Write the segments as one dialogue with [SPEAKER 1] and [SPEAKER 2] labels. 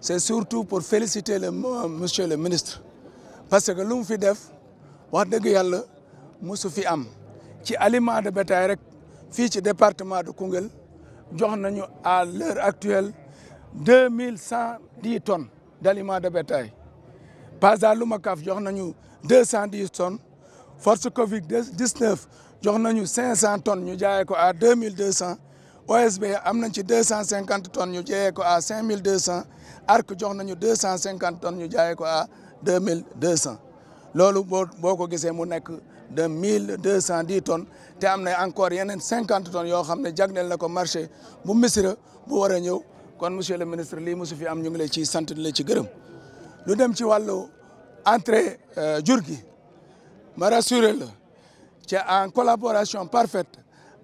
[SPEAKER 1] C'est surtout pour féliciter le, euh, monsieur le ministre. Parce que l'on fait def, on a fait des choses qui de bétail, qui le département de Kungel, à l'heure actuelle 2110 tonnes d'aliments de bétail. Pas à l'Oumakaf, on 210 tonnes. Force Covid-19, on a 500 tonnes, on a à 2200 OSB a 250 tonnes à 5200, Arc de 250 tonnes à 2200. Ce qui est de 1210 tonnes, et encore 50 tonnes qui ont marché dans le marché. Monsieur le ministre, ce qui est le centre de l'Etchigurum. Nous avons dit l'entrée de Djurgi. Je vous rassure, c'est en collaboration parfaite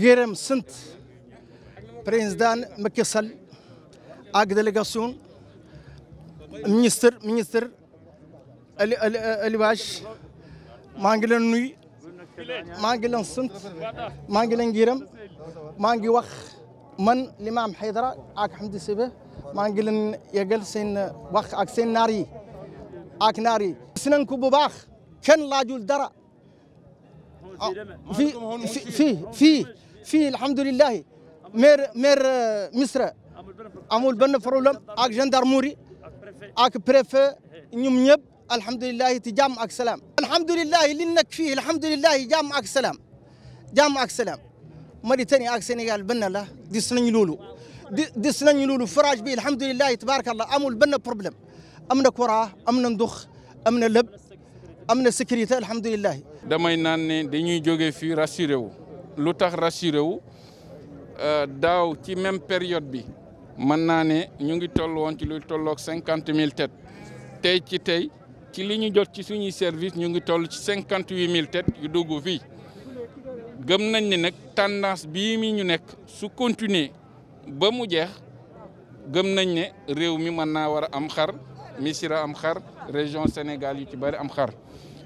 [SPEAKER 1] جيرم سنت
[SPEAKER 2] برينزدان مكسل اك ديليغاسيون منستر منستر اللي باش مانجلن نوي مانجلن سنت مانجلن جيرم مانغي واخ من الامام حيدرا اك حمدي سيبه مانجلن يغل سين واخ اك سين ناري اك ناري سنن كوبو باخ كان لاجول درا في في, في في الحمد لله مير مير آه، مصر امول بن فرولم اك جندرموري اك بريف نيوم نيب الحمد لله تجام اك سلام الحمد لله لنك فيه الحمد لله جام اك سلام جام اك سلام مري اك سنغال بن الله ديس نيو لولو ديس نيو لولو فراج بي الحمد لله تبارك الله امول بن بروبلم امنا كورا امنا ندخ امنا لب امنا سكريتا الحمد لله
[SPEAKER 3] دا ماي ناني دي نيو جوغي في راسيرو lu tax rassuré wu euh, daaw ci même période bi mën naa ne ñu ngi toll woon ci lu tolloog cinquante mille têtes tey ci tey ci li ñu jot ci suñu service ñu ngi toll ci cinquante huit têtes yu dugg fii gëm nañ ne nag tendance bii mi ñu nekk su continuer ba mu jeex gëm nañ ne réew mi mën naa war a am xar misira am xar région Sénégal yu ci bari am xar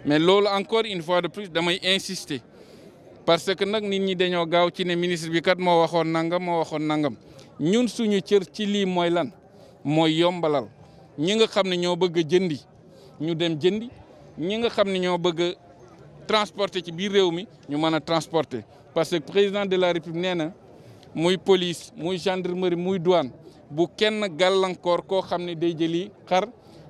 [SPEAKER 3] mais loolu encore une fois de plus damay insister parce que nak nit ñi dañoo gaaw ci ne ministre bi kat moo waxoon nangam moo waxoon nangam ñun suñu cër ci lii mooy lan mooy yombalal ñi nga xam ne ñoo bëgg jëndi ñu dem jëndi ñi nga xam ne ñoo bëgg transporter ci biir réew mi ñu mën a transporter parce que président de la république nee na muy police muy gendarmerie muy douane bu kenn gàllankoor koo xam ne day jëli xar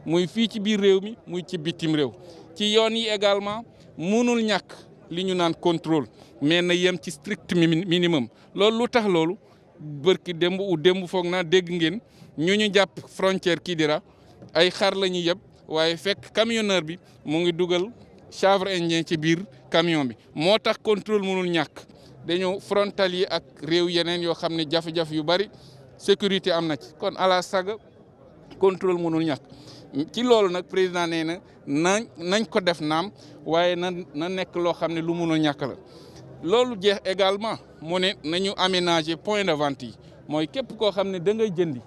[SPEAKER 3] muy fii ci biir réew mi muy ci bitim réew ci yoon yi également munul ñàkk li ñu naan contrôle mais na yem ci strict minimum loolu lu tax loolu bërki démb u démb foog naa dégg ngeen ñu ñu jàpp frontière Kidira ay xar lañu ñuy yeb waaye fekk camionneur bi mu ngi dugal chèvre indien ci biir camion bi moo tax contrôle mënul ñàkk dañoo frontalier ak réew yeneen yoo xam ne jafe-jafe yu bari sécurité am na ci kon ala saga contrôle mënul ñàkk ci loolu nag président nee na nañ nañ ko def naam waaye na na nekk loo xam ne lu mun a ñàkk la loolu jeex également mu ne nañu aménager point de vente yi mooy képp koo xam ne da ngay jëndi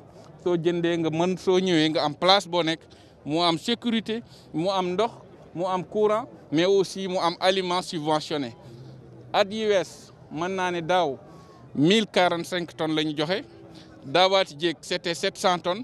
[SPEAKER 3] soo jëndee nga mën soo ñëwee nga am place boo nekk mu am sécurité mu am ndox mu am courant mais aussi mu am aliment subventionné at yi wees mën naa ne daaw mille tonnes la ñu joxe daawaati jéeg c'était sept cent tonnes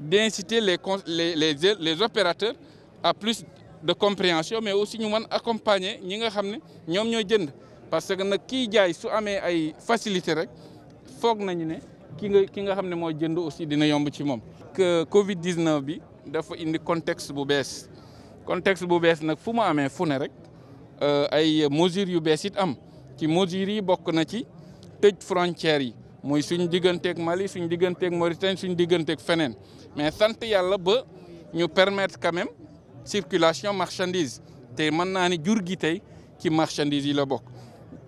[SPEAKER 3] d'inciter les, les, les, les, opérateurs à plus de compréhension, mais aussi nous accompagner les gens qui ont Parce que qui a des facilité, il faut que nous ki nga xamné ne jënd aussi dina yomb ci mom que Covid 19 bi dafa indi contexte bu bess contexte bu bess nak fu mu amee fu ne rek euh, ay mesures yu bees it am ci mesures yi bokk na ci tëj frontière yi moy suñ digganteeg Mali suñ digganteeg Mauritanie suñ digantek fenen mais sante yalla ba ñu permettre quand même circulation marchandise té man naa ni jur gi tey ci marchandise yi la bok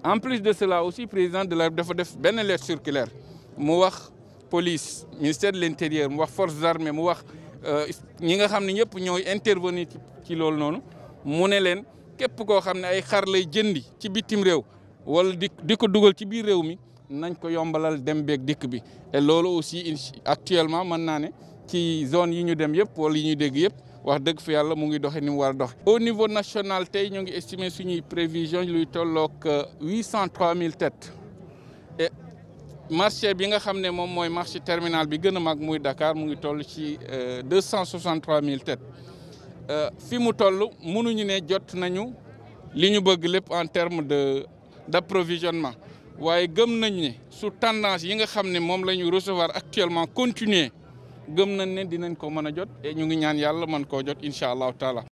[SPEAKER 3] en plus de cela aussi président de la dafa def ben lettre circulaire mu wax police ministère de l'Intérieur, mu wax forces armées mu wax euh, ñi nga xamni ñëpp intervenir ci lool nonu mu ne leen képp koo xam ne ay xar lay jëndi ci bitim réew wala di di ko dugal ci biir réew mi nañ ko yombalal dem beeg dikk bi et loolu aussi actuellement mën naa ne ci zone yi ñu dem yépp wala yi ñu dégg yépp wax dëgg fi yàlla mu ngi doxee ni mu war a doxe au niveau national tey ñu ngi estimer suñuy prévision luy tolloog euh, huit mille têtes et marché bi nga xam ne moom mooy marché terminal bi gën a mag muy Dakar mu ngi toll ci euh, deux cent soixante mille têtes euh, fi mu toll mënuñu ne jot nañu li ñu bëgg lépp en terme de d' approvisionnement waye gëm nañ ni su tendance yi nga xam mom lañu recevoir actuellement continuer gëm nañ ne dinañ ko mëna jot et ñu ngi ñaan yalla man ko jot inshallah taala